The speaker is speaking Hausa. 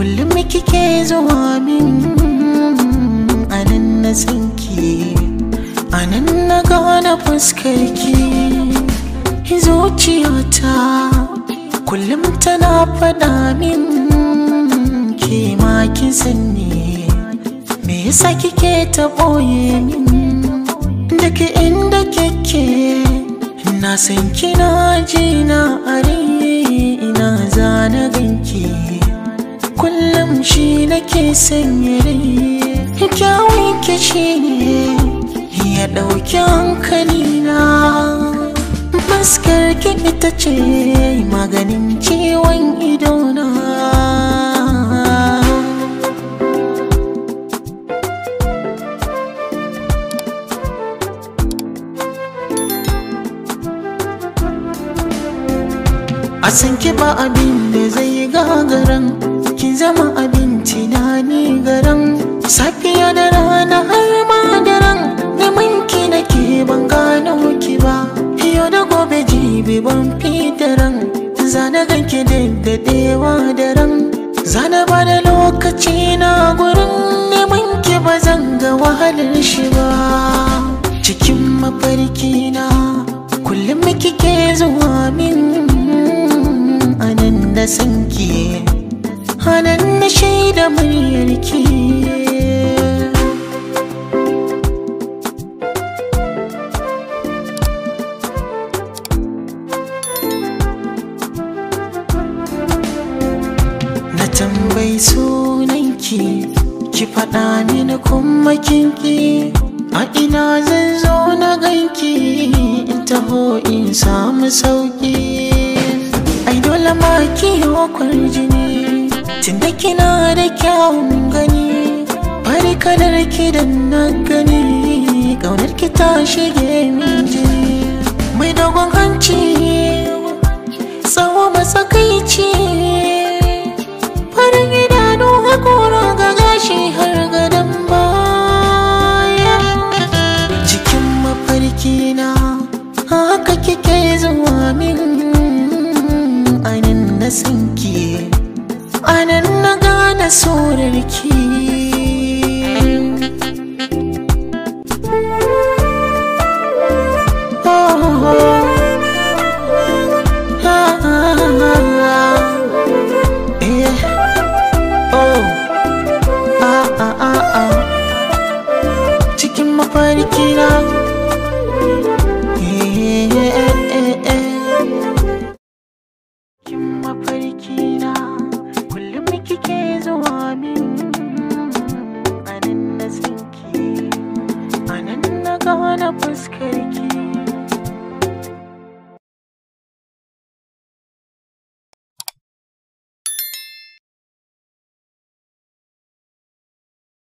kullum kike zuwa min anan na sanki anan na gane fuskarki zuciyata kullum tana fada min ke ma kin sanni me yasa kike ta boye min duk inda kike na san kina ji na are shi nake sanya rai kyawun ke shi ne ya ɗauki hankali na maskar ki ita ce maganin ciwon idona a san ki ba abin da zai gagaran zama abinci na ni garan safiya da rana har ma daren neman ki nake ban gano ki ba yau da gobe jibi ban fi daren zana ganke da daren zana ba da lokaci na gurin neman ki ba zan ga wahalar shi ba cikin mafarki na kullum kike zuwa min anan da sanki hannun na shaida muryarki na tambayi sunanki ki faɗa mini kuma kinki a ina zan zo na ganki in taho in samu sauki ai dole ma kiwo kwarjini tunda kina da kyawun gani fari kalar ki da na gani ƙaunar ki ta shige min mai dogon hanci tsawo masakaici. farin idanu hakora ga gashi har gadon baya cikin mafarki na haka kike zuwa min anin na sorar ki helpless kitty